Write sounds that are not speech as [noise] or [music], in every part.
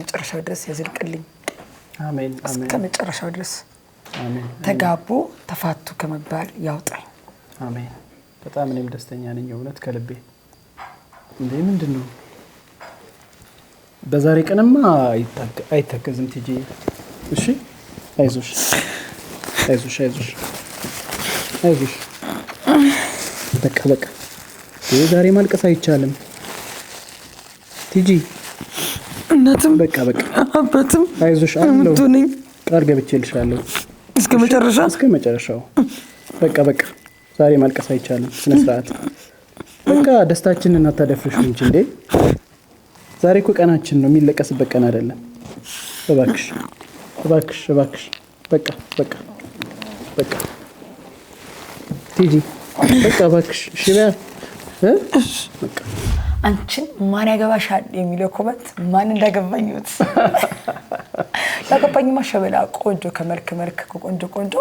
መጨረሻው ድረስ ያዘልቅልኝ። እስከ መጨረሻው ድረስ ተጋቦ ተፋቱ ከመባል ያውጣኝ። አሜን። በጣም እኔም ደስተኛ ነኝ እውነት ከልቤ። እንዴ ምንድን ነው በዛሬ ቀንማ አይታከዝም ቲጂ እሺ፣ አይዞሽ፣ አይዞሽ፣ አይዞሽ፣ አይዞሽ። በቃ በቃ፣ ዛሬ ማልቀስ አይቻልም ቲጂ እናትም በቃ በቃ አባትም አይዞሽ የምትሆነኝ ቃል ገብቼልሻለሁ እስከ መጨረሻ እስከ መጨረሻው። በቃ በቃ ዛሬ ማልቀስ አይቻልም። ስነ ስርዓት በቃ ደስታችንን አታደፍርሽ እንጂ እንዴ። ዛሬ እኮ ቀናችን ነው፣ የሚለቀስበት ቀን አይደለም። እባክሽ እባክሽ እባክሽ። በቃ በቃ በቃ ቲጂ በቃ እባክሽ። ሽበያ በቃ አንቺን ማን ያገባሻል የሚለው ኮመንት ማን እንዳገባኝት ያገባኝ ማሸበላ ቆንጆ ከመልክ መልክ ከቆንጆ ቆንጆ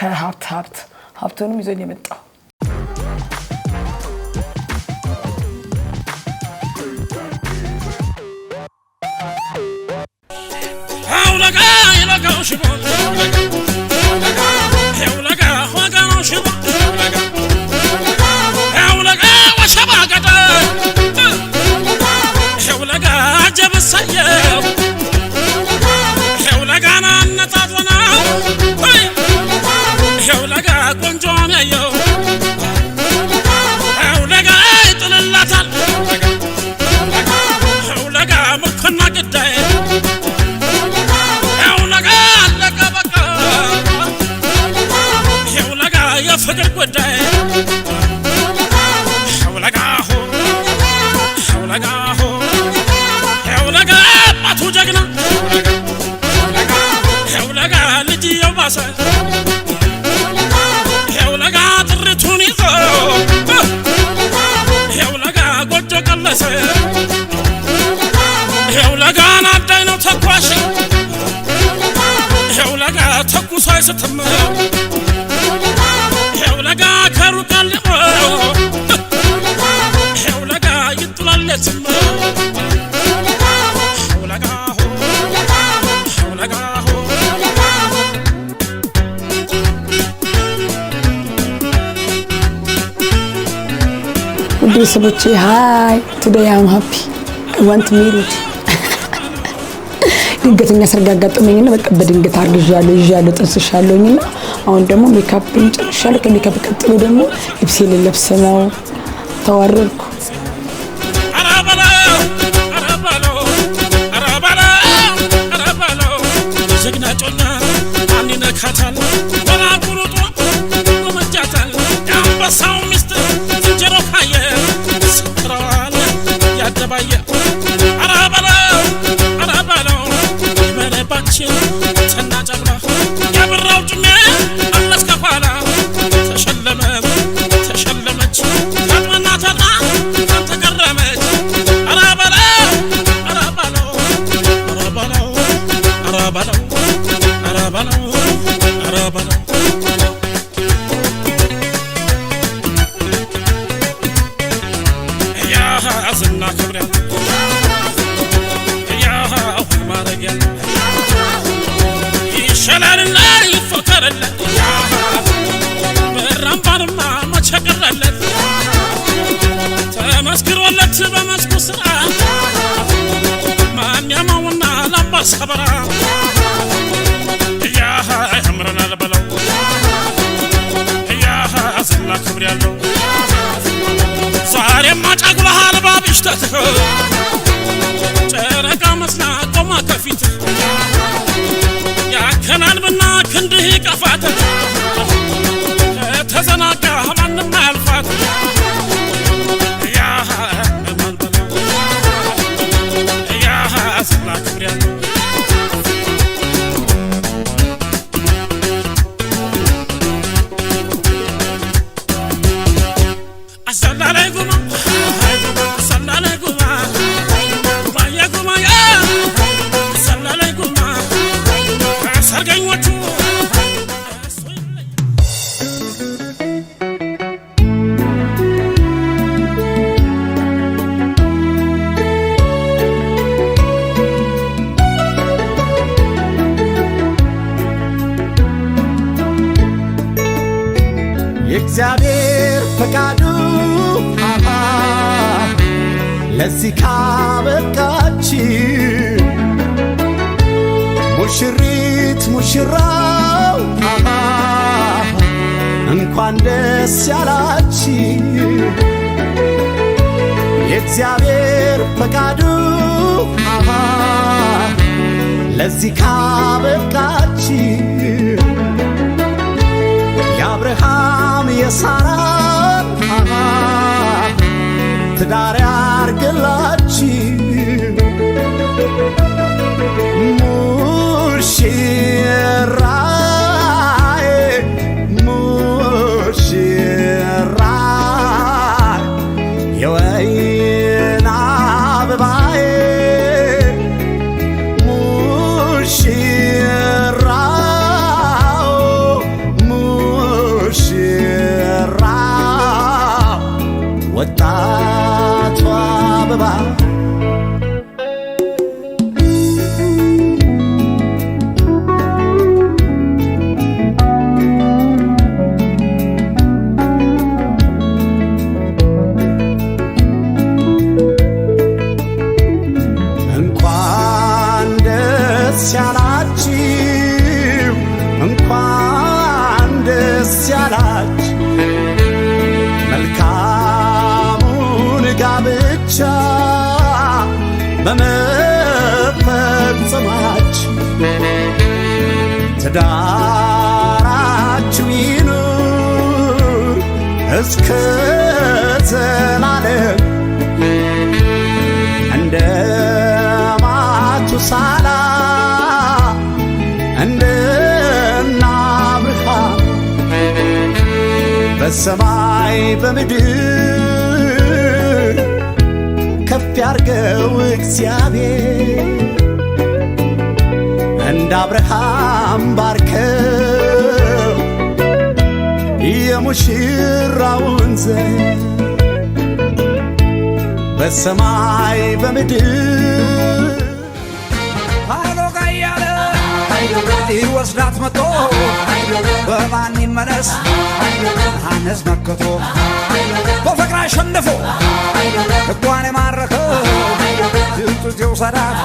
ከሀብት ሀብት ሀብቱንም ይዞን የመጣው Oh, ልጅየው ባሰ ይኸው ለጋ ጥሪቱን ይዞ ይኸው ለጋ ጎጆ ቀለሰ ይኸው ለጋ ናዳይ ነው ተኳሽ ይኸው ለጋ ቤተሰቦቼ ሀይ ቱዴይ አም ሀፒ ዋንት ሜሪድ ድንገተኛ ሰርግ አጋጠመኝና በቃ በድንገት አርግዣለሁ ይዣለሁ ጥንስሻለሁኝና አሁን ደግሞ ሜካፕ ጨርሻለሁ። ከሜካፕ ቀጥሎ ደግሞ ልብሴ ልለብስ ነው። ተዋረድኩ። ጀግናጮኛ إياها عصرنا كبرى إياها أول ما رجع يشلل الله يفكر لك برمبر ما ما تشكر لك تمسكر ولك بمسك سرعة ما ميمونا لبس خبرة إياها يمرنا البلو إياها عصرنا كبرى له ፀሐይ ባብሽተት ጨረቃ መስላ ቆማ ከፊት ያከናንብና ክንድህ ቀፋት እንኳን ደስ ያላችሁ የእግዚአብሔር ፈቃዱ ለዚህ ካበቃችሁ የአብርሃም የሳራን ትዳር ያርግላችሁ ሙሽራ she በሰማይ በምድር ከፍ ያርገው እግዚአብሔር እንደ አብርሃም ባርከው የሙሽራውን ዘር በሰማይ በምድር ዲር ወስዳት መጦ በማን ይመለስ ዮሐንስ መክቶ በፍቅር አሸንፎ ሕጓን የማረከ ድምጡት ይውሰዳት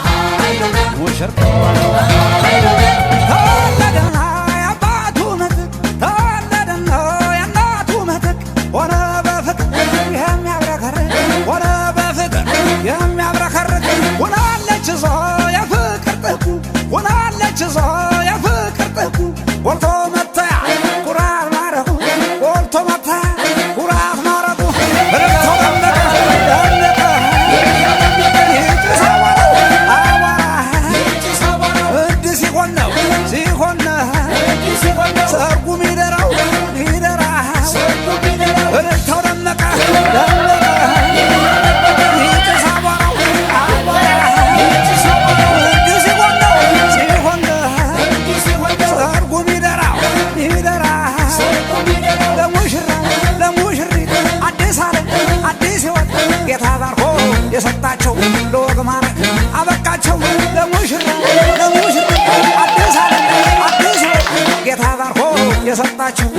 የሰጣቸው ለወግ ማረግ አበቃቸው ለሙሽር ለሙሽር አዲስ አለ አዲስ ጌታ ባርኮ የሰጣቸው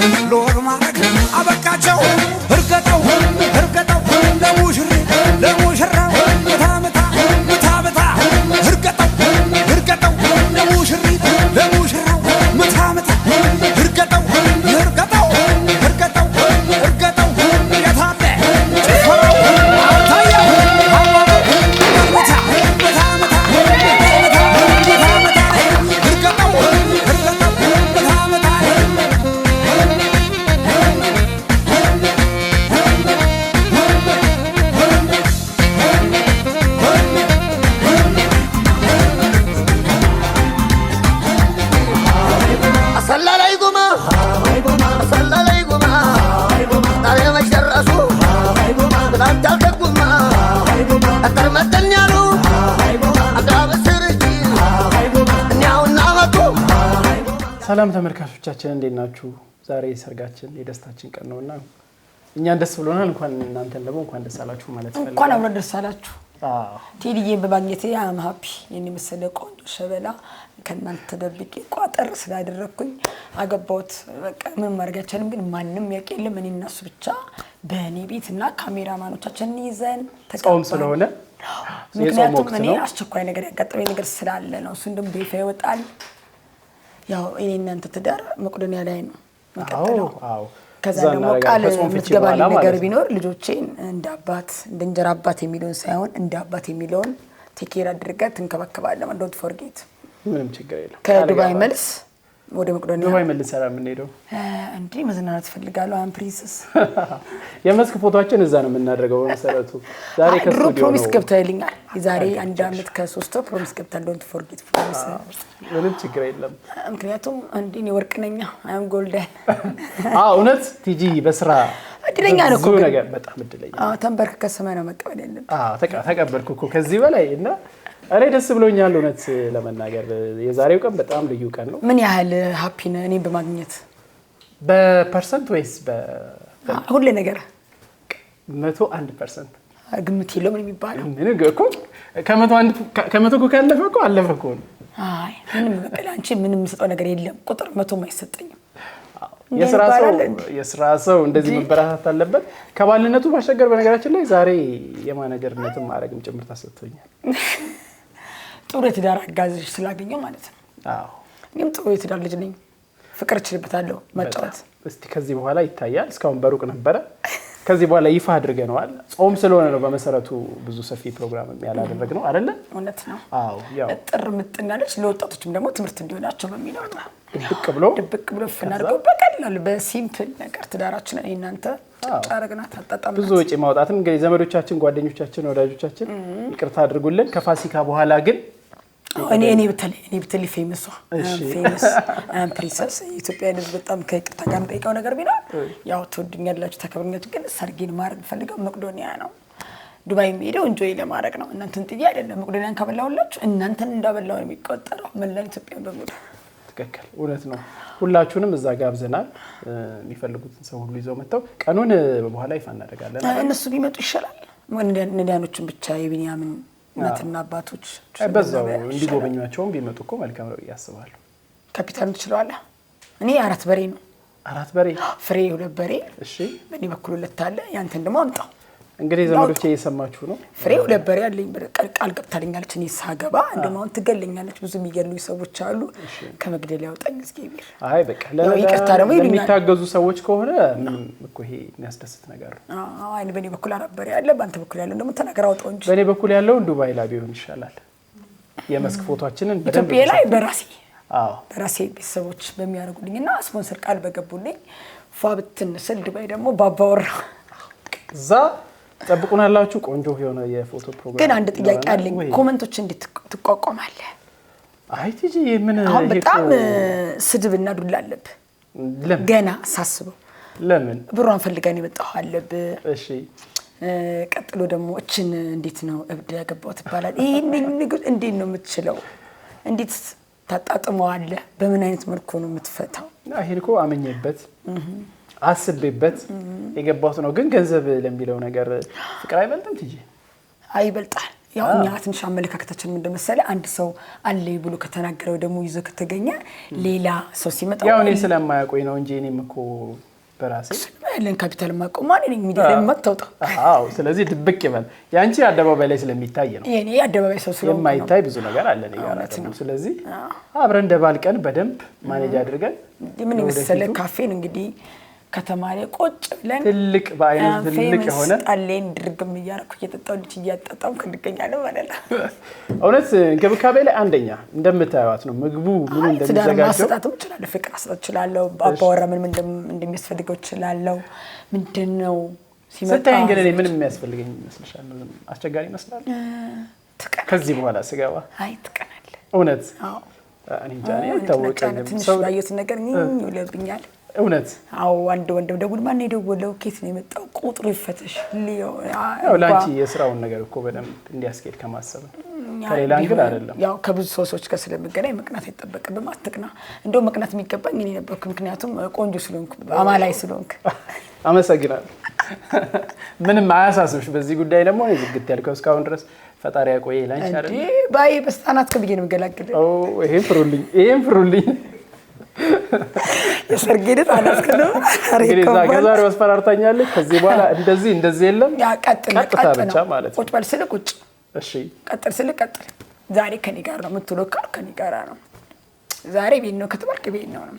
ሰላም ተመልካቾቻችን እንዴት ናችሁ? ዛሬ ሰርጋችን የደስታችን ቀን ነውና እኛን ደስ ብሎናል። እንኳን እናንተን ደግሞ እንኳን ደስ አላችሁ ማለት እንኳን አብረን ደስ አላችሁ። ቴዲዬን በባጌቴ አም ሀፒ የኔ መሰለ ቆንጆ ሸበላ ከእናንተ ደብቄ ቋጠር ስላደረግኩኝ አገባሁት። በቃ ምን ማድረግ አይቻልም፣ ግን ማንም ያውቅ የለም እኔ እናሱ ብቻ በእኔ ቤት እና ካሜራማኖቻችን ይዘን ጾም ስለሆነ ምክንያቱም እኔ አስቸኳይ ነገር ያጋጠመኝ ነገር ስላለ ነው። እሱ ደግሞ በይፋ ይወጣል ያው እኔ እናንተ ትዳር መቄዶንያ ላይ ነው የሚቀጥለው። ከዛ ደግሞ ቃል የምትገባልኝ ነገር ቢኖር ልጆቼን እንደ አባት እንደ እንጀራ አባት የሚለውን ሳይሆን እንደ አባት የሚለውን ቴኬር አድርጋ ትንከባከባለ። ዶንት ፎርጌት ምንም ችግር የለም ከዱባይ መልስ ወደ መቅዶኒያ ዱባይ መልስ ሰራ የምንሄደው እንዴ መዝናናት ፈልጋለሁ። አን ፕሪንስስ [laughs] የመስክ ፎቶችን እዛ ነው የምናደርገው። በመሰረቱ ዛሬ ከስቱዲዮ ፕሮሚስ ገብተህልኛል። የዛሬ አንድ አመት ከሶስት ወር ፕሮሚስ ገብተህ ዶንት ፎርጌት ፕሮሚስ። ምንም ችግር የለም ምክንያቱም እንዴ ነው ነኛ። አይም ጎልደን። [laughs] አዎ እውነት ቲጂ በስራ እድለኛ ነው ነገር በጣም እድለኛ። አዎ ተንበርክ ከሰማይ ነው መቀበል ያለብህ። አዎ ተቀበልኩ እኮ ከዚህ በላይ እና እኔ ደስ ብሎኛል እውነት ለመናገር የዛሬው ቀን በጣም ልዩ ቀን ነው። ምን ያህል ሀፒ ነህ እኔን በማግኘት በፐርሰንት ወይስ ሁሌ ነገር? መቶ አንድ ፐርሰንት ግምት የለውም የሚባለው ከመቶ እኮ ካለፈ እኮ አለፈ እኮ ነው። ምንም በቃ አንቺ ምንም የምሰጠው ነገር የለም። ቁጥር መቶም አይሰጠኝም። የስራ ሰው እንደዚህ መበረታት አለበት። ከባልነቱ ባሻገር በነገራችን ላይ ዛሬ የማናጀርነትም ማዕረግም ጭምር ታሰጥቶኛል። [laughs] ጥሩ የትዳር አጋዝሽ ስላገኘው ማለት ነው። እኔም ጥሩ የትዳር ልጅ ነኝ፣ ፍቅር እችልበታለሁ መጫወት። እስቲ ከዚህ በኋላ ይታያል። እስካሁን በሩቅ ነበረ፣ ከዚህ በኋላ ይፋ አድርገነዋል። ጾም ስለሆነ ነው በመሰረቱ ብዙ ሰፊ ፕሮግራም ያላደረግ ነው አይደለ? እውነት ነው። ጥር ምጥን ለወጣቶችም ደግሞ ትምህርት እንዲሆናቸው በሚለው ድብቅ ብሎ ድብቅ ብሎ ፍናድርገው በቀላሉ በሲምፕል ነገር ትዳራችን እናንተ ጫረግናት አጣጣም ብዙ ወጪ ማውጣትም እንግዲህ ዘመዶቻችን፣ ጓደኞቻችን፣ ወዳጆቻችን ይቅርታ አድርጉልን። ከፋሲካ በኋላ ግን እኔ እኔ ብትልኝ እኔ ብትልኝ ፌመስ ፌመስ ፕሪንሰስ የኢትዮጵያን ሕዝብ በጣም ከይቅርታ ጋር የምጠይቀው ነገር ቢኖር ያው ትወዱኛላችሁ፣ ታከብሩኛላችሁ፣ ግን ሰርጌን ማድረግ ፈልገው መቅዶኒያ ነው። ዱባይ የሚሄደው እንጆይ ለማድረግ ነው። እናንተን ጥዬ አይደለም። መቅዶኒያን ካበላሁላችሁ እናንተን እንዳበላው ነው የሚቆጠረው። መላን ኢትዮጵያን በሙሉ ትክክል፣ እውነት ነው። ሁላችሁንም እዛ ጋብዘናል። የሚፈልጉትን ሰው ሁሉ ይዘው መጥተው ቀኑን በኋላ ይፋ እናደርጋለን። እነሱ ቢመጡ ይሻላል። ነዳያኖችን ብቻ የቢኒያምን እናትና አባቶች በዛው እንዲጎበኟቸውም ቢመጡ እኮ መልካም ነው እያስባሉ። ካፒታል ትችለዋለህ። እኔ አራት በሬ ነው አራት በሬ ፍሬ ሁለት በሬ እሺ፣ በእኔ በኩል ሁለት አለ። ያንተን ደግሞ አምጣው እንግዲህ ዘመዶቼ እየሰማችሁ ነው። ፍሬው ነበር ያለኝ ቃል ገብታልኛለች። እኔ ሳገባ እንደውም አሁን ትገለኛለች። ብዙ የሚገሉ ሰዎች አሉ። ከመግደል ያውጣኝ እግዚአብሔር። አይ በቃ ይቅርታ ደግሞ የሚታገዙ ሰዎች ከሆነ እኮ ይሄ የሚያስደስት ነገር ነው። አይ በእኔ በኩል ነበር ያለ፣ በአንተ በኩል ያለው ደግሞ ተናገር አውጣው እንጂ በእኔ በኩል ያለው እንዱ ባይላ ቢሆን ይሻላል። የመስክ ፎቷችንን ኢትዮጵያ ላይ በራሴ በራሴ ቤተሰቦች በሚያደርጉልኝ እና ስፖንሰር ቃል በገቡልኝ ፏ ብትን ስል ዱባይ ደግሞ ባባወራ እዛ ጠብቁን ያላችሁ ቆንጆ የሆነ የፎቶ ፕሮግራም። ግን አንድ ጥያቄ አለኝ። ኮመንቶች እንዴት ትቋቋማለህ? አይ ቲጂ ምን አሁን በጣም እና ዱላ አለብህ። ገና ሳስበው ለምን ብሯን ፈልጋን የመጣሁ አለብህ። እሺ ቀጥሎ ደግሞ እችን እንዴት ነው እብድ ያገባው ትባላል። ይህን ንግር እንዴት ነው የምትችለው? እንዴት ታጣጥመዋለህ? በምን አይነት መልኩ ነው የምትፈታው? ይሄን እኮ አመኘበት አስቤበት የገባሁት ነው። ግን ገንዘብ ለሚለው ነገር ፍቅር አይበልጥም ትጂ? አይበልጣል። ያው እኛ ትንሽ አመለካከታችን ምን እንደመሰለ አንድ ሰው አለ ብሎ ከተናገረው ደግሞ ይዞ ከተገኘ ሌላ ሰው ሲመጣ ያው እኔ ስለማያውቁኝ ነው እንጂ እኔም እኮ በራሴ ካፒታል ማቀው ማን ስለዚህ ድብቅ ይበል። የአንቺ አደባባይ ላይ ስለሚታይ ነው። አደባባይ ሰው የማይታይ ብዙ ነገር አለ ነው ያራት ነው። ስለዚህ አብረን ደባልቀን በደንብ ማኔጅ አድርገን ምን መሰለ ካፌን እንግዲህ ከተማ ላይ ቁጭ ብለን ትልቅ በአይነት ትልቅ የሆነ ጣሌን ድርግም እያደረኩ እየጠጣሁ ልጅ እያጣጣምኩ እንገኛለን ማለት ነው። [laughs] እውነት እንክብካቤ ላይ አንደኛ እንደምታዩት ነው። ምግቡ ምን እንደሚዘጋጀው አሰጣጥም እችላለሁ፣ ፍቅር አስጣት እችላለሁ፣ አባወራ ምን እንደሚያስፈልገው እችላለሁ። ምንድን ነው ስታይ ግን እኔ ምንም የሚያስፈልገኝ ይመስልሻል? አስቸጋሪ ይመስላል። ከዚህ በኋላ ስገባ አይ ትቀናለህ። እውነት እኔ እንጃ አይታወቀኝም። ትንሽ ባየሁት ነገር ይውለብኛል እውነት አዎ። አንድ ወንድም ደግሞ ማን የደወለው ኬት ነው የመጣው ቁጥሩ ይፈተሽ። ለአንቺ የስራውን ነገር እኮ በደንብ እንዲያስኬድ ከማሰብ ከሌላ እንግል አይደለም። ያው ከብዙ ሰው ሰዎች ጋር ስለምገናኝ መቅናት አይጠበቅብም። አትቅና። እንደው መቅናት የሚገባኝ እኔ ነበርኩ፣ ምክንያቱም ቆንጆ ስለሆንኩ አማላይ ስለሆንክ። [laughs] አመሰግናለሁ። [laughs] ምንም አያሳስብሽ። በዚህ ጉዳይ ደግሞ ዝግት ያልከው እስካሁን ድረስ ፈጣሪ ያቆየ። ላንቺ ባይ በስጣናት ከብዬ ነው የምገላግል። ይሄን ፍሩልኝ፣ ይሄን ፍሩልኝ የሰርጌ ዕለት አላስክ ነው። ከዛሬ አስፈራርታኛለች። ከዚህ በኋላ እንደዚህ እንደዚህ የለም፣ ቀጥታ ብቻ ማለት ነው። ቁጭ በል ስልህ ቁጭ፣ ቀጥል ስልህ ቀጥል። ዛሬ ከኔ ጋር ነው የምትውለው ካልኩ ከኔ ጋር ነው። ዛሬ ቤት ነው ከተባልክ ቤት ነው ነው።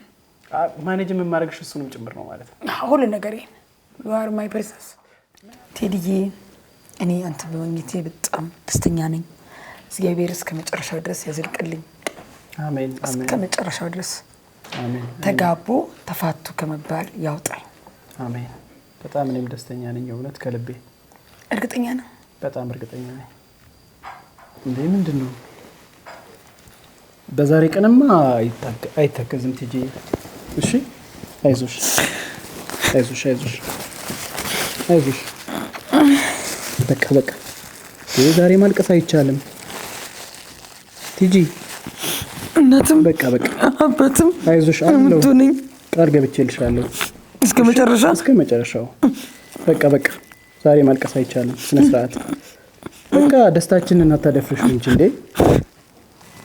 ማኔጅ የምማደርግሽ እሱንም ጭምር ነው ማለት ነው። ሁሉ ነገር ዩ ማይ ፕሪንሰስ ቴዲዬ። እኔ አንተ በመኝቴ በጣም ደስተኛ ነኝ። እግዚአብሔር እስከ መጨረሻው ድረስ ያዘልቅልኝ። እስከ መጨረሻው ድረስ ተጋቦ ተፋቱ ከመባል ያውጣኝ። አሜን። በጣም እኔም ደስተኛ ነኝ፣ እውነት ከልቤ እርግጠኛ ነው። በጣም እርግጠኛ ነኝ። እንዴ ምንድን ነው? በዛሬ ቀንማ አይታከዝም። ቲጂ እሺ፣ አይዞሽ፣ አይዞሽ፣ አይዞሽ፣ አይዞሽ። በቃ በቃ፣ ዛሬ ማልቀስ አይቻልም ቲጂ እናትም በቃ በቃ አባትም አይዞሽ የምትሆነኝ ቃል ገብቼልሻለሁ። እስከ መጨረሻ እስከ መጨረሻው በቃ በቃ። ዛሬ ማልቀስ አይቻልም። ስነ በቃ ደስታችንን አታደፍርሽ እንጂ እንዴ።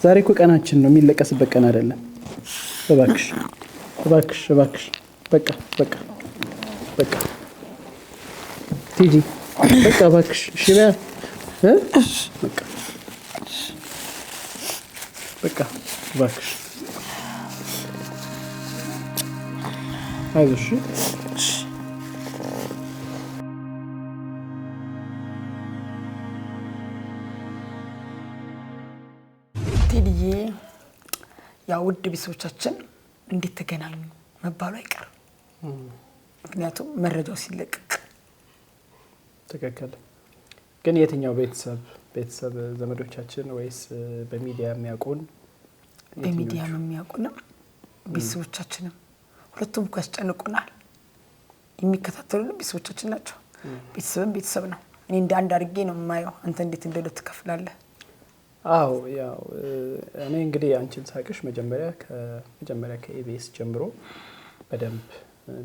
ዛሬ እኮ ቀናችን ነው፣ የሚለቀስበት ቀን አይደለም። እባክሽ እባክሽ እባክሽ። በቃ በቃ በቃ ቲጂ በቃ እባክሽ እሺ በያ በቃ በቃ እባክሽ አይዞሽ። ቴዲዬ ያው ውድ ቤተሰቦቻችን እንዴት ተገናኙ መባሉ አይቀርም። ምክንያቱም መረጃው ሲለቀቅ ትክክል ግን የትኛው ቤተሰብ ቤተሰብ ዘመዶቻችን ወይስ በሚዲያ የሚያውቁን በሚዲያም የሚያውቁንም ቤተሰቦቻችንም ሁለቱም እኮ ያስጨንቁናል። የሚከታተሉ ቤተሰቦቻችን ናቸው። ቤተሰብም ቤተሰብ ነው። እኔ እንደ አንድ አድርጌ ነው የማየው። አንተ እንዴት እንደ ትከፍላለህ? አዎ ያው እኔ እንግዲህ አንቺን ሳቅሽ መጀመሪያ ከመጀመሪያ ከኢቢኤስ ጀምሮ በደንብ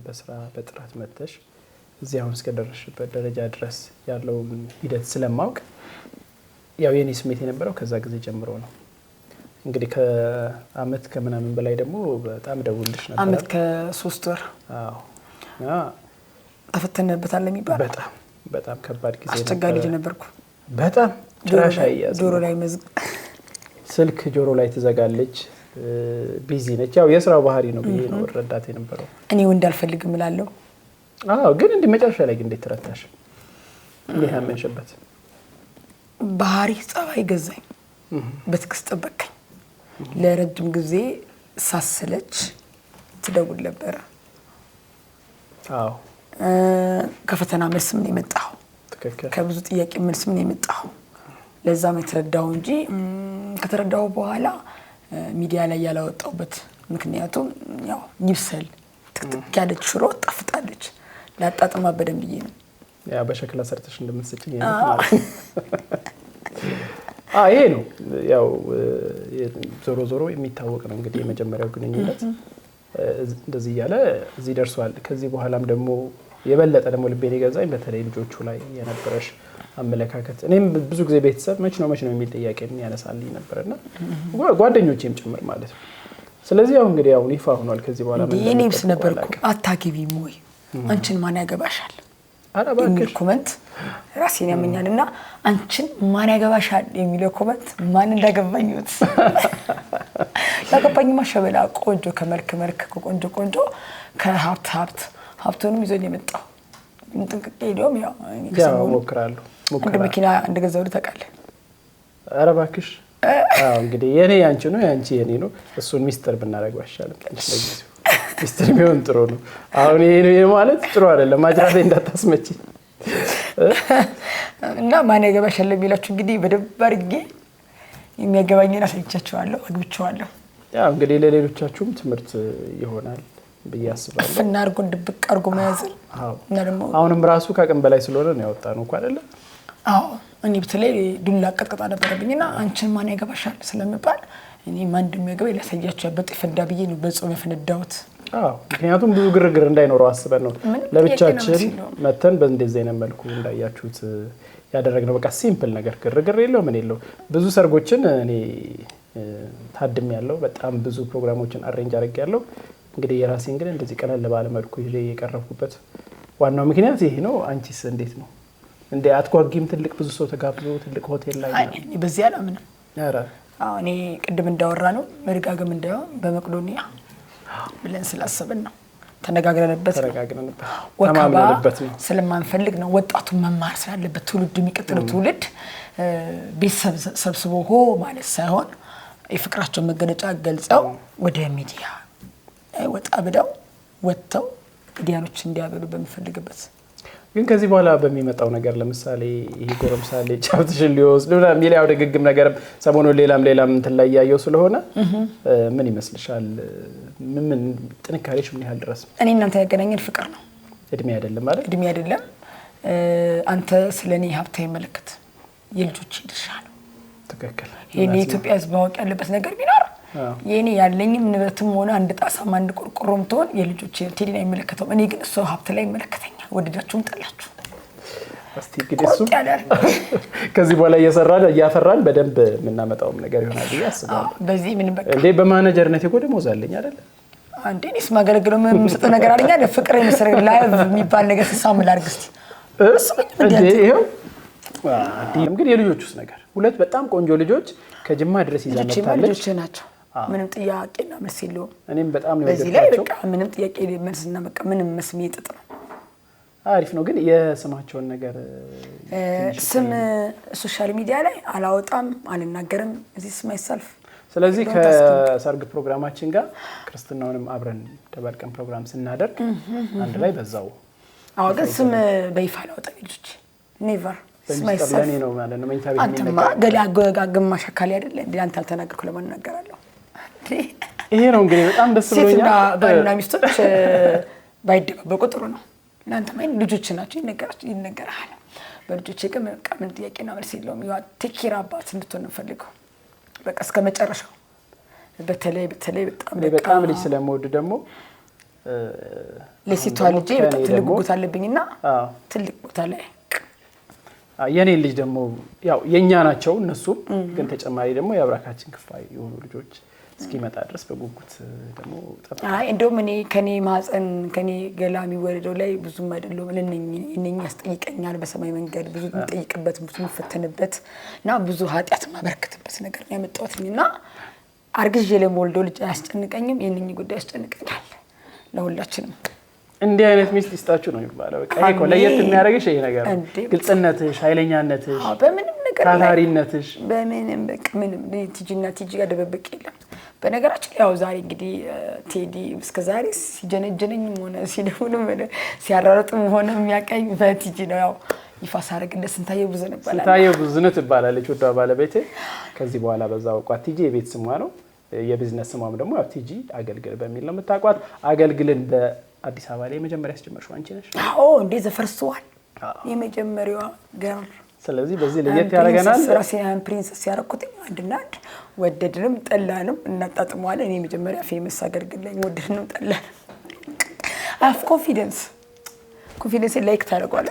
በስራ በጥራት መጥተሽ እዚህ አሁን እስከደረሽበት ደረጃ ድረስ ያለውን ሂደት ስለማውቅ ያው የኔ ስሜት የነበረው ከዛ ጊዜ ጀምሮ ነው። እንግዲህ ከአመት ከምናምን በላይ ደግሞ በጣም ደውልሽ ነበር። አመት ከሶስት ወር ተፈተንበታል የሚባል በጣም በጣም ከባድ ጊዜ አስቸጋሪ ልጅ ነበርኩ። በጣም ጭራሽ አያዝ ጆሮ ላይ መዝ ስልክ ጆሮ ላይ ትዘጋለች። ቢዚ ነች። ያው የስራው ባህሪ ነው ብዬ ነው ረዳት የነበረው። እኔ ወንድ አልፈልግም እላለሁ። አዎ፣ ግን እንዲህ መጨረሻ ላይ እንዴት ትረታሽ? እንዲህ ያመንሽበት ባህሪ ጸባይ ገዛኝ። በትዕግስት ጠበቀኝ። ለረጅም ጊዜ ሳሰለች ትደውል ነበረ። ከፈተና መልስ ምን የመጣው ከብዙ ጥያቄ መልስ ምን የመጣው ለዛም የተረዳው እንጂ ከተረዳው በኋላ ሚዲያ ላይ ያላወጣውበት ምክንያቱም ያው ይብሰል ጥቅጥቅ ያለች ሽሮ ጣፍጣለች ላጣጥማ በደንብ ብዬ ነው። በሸክላ ሰርተሽ እንደምትስጭኝ [laughs] ይሄ ነው ያው ዞሮ ዞሮ የሚታወቅ ነው እንግዲህ የመጀመሪያው ግንኙነት እንደዚህ እያለ እዚህ ደርሷል። ከዚህ በኋላም ደግሞ የበለጠ ደግሞ ልቤን የገዛኝ በተለይ ልጆቹ ላይ የነበረሽ አመለካከት እኔም ብዙ ጊዜ ቤተሰብ መች ነው መች ነው የሚል ጥያቄ ያነሳልኝ ነበርና ጓደኞቼም ጭምር ማለት ነው። ስለዚህ አሁን እንግዲህ አሁን ይፋ ሆኗል። ከዚህ በኋላ እኔ ነበርኩ አታግቢም ወይ አንቺን ማን ያገባሻል የሚል ኮመንት ራሴን ያመኛል እና አንቺን ማን ያገባሻል የሚለው ኮመንት ማን እንዳገባኝት [laughs] ያገባኝማ ሸበላ ቆንጆ ከመልክ መልክ ከቆንጆ ቆንጆ ከሀብት ሀብት ሀብቱንም ይዞን የመጣው ጥንቅቄ ሊሆም ሞክራለሁ አንድ መኪና እንደገዛሁ ታውቃለህ። ኧረ እባክሽ [laughs] እንግዲህ የኔ ያንቺ ነው፣ ያንቺ የኔ ነው። እሱን ሚስጥር ብናደርገው አይሻልም? ፊስትን ቢሆን ጥሩ ነው። አሁን ይሄ ማለት ጥሩ አይደለም። ማጅራት እንዳታስመች እና ማን ያገባሻል የሚላችሁ እንግዲህ በደንብ አድርጌ የሚያገባኝን አሳይቻችኋለሁ፣ አግብቼዋለሁ። ያው እንግዲህ ለሌሎቻችሁም ትምህርት ይሆናል ብዬ አስባለሁ። እና አድርጎ እንድብቅ አድርጎ መያዝን እና ደግሞ አሁንም ራሱ ከአቅም በላይ ስለሆነ ነው ያወጣ ነው እኮ አይደለ? አዎ እኔ በተለይ ዱላ ቀጥቅጣ ነበረብኝና አንቺን ማን ያገባሻል ስለሚባል እኔም አንድ ምግብ ላሳያችሁ ያበጥ ፈንዳ ብዬ ነው በጾም የፈነዳሁት። ምክንያቱም ብዙ ግርግር እንዳይኖረው አስበን ነው ለብቻችን መተን በእንደዚህ አይነት መልኩ እንዳያችሁት ያደረግነው። በቃ ሲምፕል ነገር ግርግር የለው ምን የለው። ብዙ ሰርጎችን እኔ ታድም ያለው በጣም ብዙ ፕሮግራሞችን አሬንጅ አድርግ ያለው እንግዲህ የራሴን ግን እንደዚህ ቀለል ባለ መልኩ ይዤ የቀረብኩበት ዋናው ምክንያት ይሄ ነው። አንቺስ እንዴት ነው? እንደ አትጓጊም? ትልቅ ብዙ ሰው ተጋብዞ ትልቅ ሆቴል ላይ በዚህ አላምንም እኔ ቅድም እንዳወራ ነው መድጋገም እንዳይሆን በመቅዶኒያ ብለን ስላሰብን ነው ተነጋግረንበት ነው ስለማንፈልግ ነው። ወጣቱ መማር ስላለበት ትውልድ የሚቀጥለው ትውልድ ቤተሰብ ሰብስቦ ሆ ማለት ሳይሆን የፍቅራቸውን መገለጫ ገልጸው ወደ ሚዲያ ወጣ ብለው ወጥተው ግዲያኖች እንዲያበሉ በሚፈልግበት ግን ከዚህ በኋላ በሚመጣው ነገር ለምሳሌ ይሄ ጎረምሳ ጫብትሽን ሊወስድ ሌላው ድግግም ነገር ሰሞኑን ሌላም ሌላም እንትን ላይ እያየው ስለሆነ ምን ይመስልሻል? ምን ጥንካሬሽ ምን ያህል ድረስ? እኔ እናንተ ያገናኘን ፍቅር ነው። እድሜ አይደለም ማለት እድሜ አይደለም። አንተ ስለ እኔ ሀብታ ይመለከት የልጆች ድርሻ ነው። ትክክል። የኔ ኢትዮጵያ ሕዝብ ማወቅ ያለበት ነገር ቢኖር የእኔ ያለኝም ንብረትም ሆነ አንድ ጣሳም አንድ ቆርቆሮም ትሆን የልጆች ቴዲን አይመለከተውም። እኔ ግን እሱ ሀብት ላይ ይመለከተኝ ወደዳችሁም ጠላችሁ [laughs] ከዚህ በኋላ እየሰራን እያፈራን በደንብ የምናመጣውም ነገር ይሆናል ብዬ አስባለሁ። በማናጀርነት እኮ ደሞዝ አለኝ አይደለ አንዴ እኔስ ማገለግለው የምሰጠው ነገር አለኝ አይደል ፍቅር የመሰለ ላይቭ የሚባል ነገር ስሳ ምን ላድርግ እስኪ ይኸው እንግዲህ የልጆች ውስጥ ነገር ሁለት በጣም ቆንጆ ልጆች ከጅማ ድረስ ይዛ ናቸው። ምንም ጥያቄና መልስ የለውም። እኔም በጣም በዚህ ላይ በቃ ምንም ጥያቄ መልስና በቃ ምንም መስሜ ጥጥ ነው አሪፍ ነው። ግን የስማቸውን ነገር ስም ሶሻል ሚዲያ ላይ አላወጣም፣ አልናገርም። እዚህ ስም አይሰልፍ ስለዚህ ከሰርግ ፕሮግራማችን ጋር ክርስትናውንም አብረን ደበል ፕሮግራም ስናደርግ አንድ ላይ በዛው አዎ። ግን ስም በይፋ አላወጣም። ልጆች ኔቨር ለእኔ ነው ማለት ነው። መኝታ ቤት አንተማ ግማሽ አካል አይደለ እንደ አንተ አልተናገርኩ ለማን እናገራለሁ? ይሄ ነው እንግዲህ በጣም ደስ ብሎኛል። ሴትና ባልና ሚስቶች ባይደባበቁ ጥሩ ነው። እናንተ ማይን ልጆች ናቸው ይነገርሃል። በልጆች የቀ ምን ጥያቄና መልስ የለውም። ዋ ቴኬር አባት እንድትሆን እንፈልገው በቃ እስከ መጨረሻው። በተለይ በተለይ በጣም በጣም ልጅ ስለምወድ ደግሞ ለሴቷ ልጅ በጣም ትልቅ ቦታ አለብኝ አለብኝና ትልቅ ቦታ ላይ የኔ ልጅ ደግሞ ያው የእኛ ናቸው እነሱም ግን ተጨማሪ ደግሞ የአብራካችን ክፋይ የሆኑ ልጆች እስኪመጣ ድረስ በጉጉት ደግሞ እንደውም እኔ ከኔ ማፀን ከኔ ገላ የሚወረደው ላይ ብዙም አይደለሁም። እነኝ ያስጠይቀኛል። በሰማይ መንገድ ብዙ ጠይቅበት ብዙ የሚፈተንበት እና ብዙ ኃጢአት ማበረክትበት ነገር ነው ያመጣትኝ እና አርግዤ ለመወልደው ልጅ አያስጨንቀኝም። ይህንኝ ጉዳይ ያስጨንቀኛል። ለሁላችንም እንዲህ አይነት ሚስት ይስጣችሁ ነው የሚባለው። ለየት የሚያደርግሽ ይሄ ነገር ግልጽነትሽ፣ ኃይለኛነትሽ፣ በምንም ነገር ታታሪነትሽ፣ በምንም በቃ ምንም ቲጂና ቲጂ ጋር ደበበቅ የለም። በነገራችን ያው ዛሬ እንግዲህ ቴዲ እስከ ዛሬ ሲጀነጀነኝም ሆነ ሲደውልም ሲያራርጥም ሆነ የሚያቀኝ በቲጂ ነው። ያው ይፋ ሳረግ እንደ ስንታየ ብዙነህ እባላለሁ። ስንታየ ብዙነህ ትባላለች ወዳ ባለቤቴ። ከዚህ በኋላ በዛ አውቋት። ቲጂ የቤት ስሟ ነው። የቢዝነስ ስሟም ደግሞ ያው ቲጂ አገልግል በሚል ነው የምታውቋት። አገልግልን በአዲስ አበባ ላይ የመጀመሪያ ያስጀመርሽው አንቺ ነሽ? አዎ እንዴ ዘፈርስዋል የመጀመሪያዋ ገር ስለዚህ በዚህ ለየት ያደርገናል። ራሴን ፕሪንሰስ ያደረኩት አንድና አንድ ወደድንም ጠላንም እናጣጥመዋለን። እኔ የመጀመሪያ ፌመስ አገርግለኝ ወደድንም ጠላን አፍ ኮንፊደንስ ኮንፊደንስ ላይክ ታደርጓለ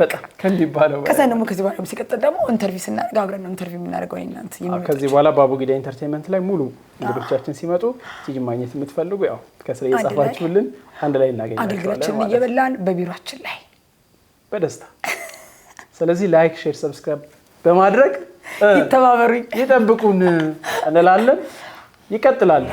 በጣም ከሚባለው ከዛ ደግሞ ከዚህ በኋላ ሲቀጥል ደግሞ ኢንተርቪው ስናደርግ አብረን ነው ኢንተርቪው የምናደርገው። እናንተ ከዚህ በኋላ ጊዳ ኢንተርቴንመንት ላይ ሙሉ እንግዶቻችን ሲመጡ ቲጂ ማግኘት የምትፈልጉ ያው ከስለ የጻፋችሁልን አንድ ላይ እናገኛለን። አገልግሎችን እየበላን በቢሮችን ላይ በደስታ ስለዚህ ላይክ፣ ሼር፣ ሰብስክራይብ በማድረግ ይተባበሩ ይጠብቁን እንላለን። ይቀጥላል።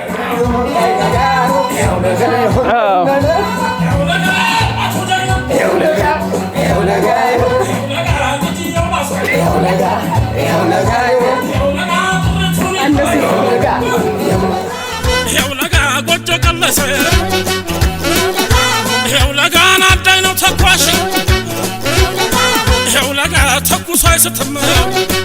ቀለሰ to the moon.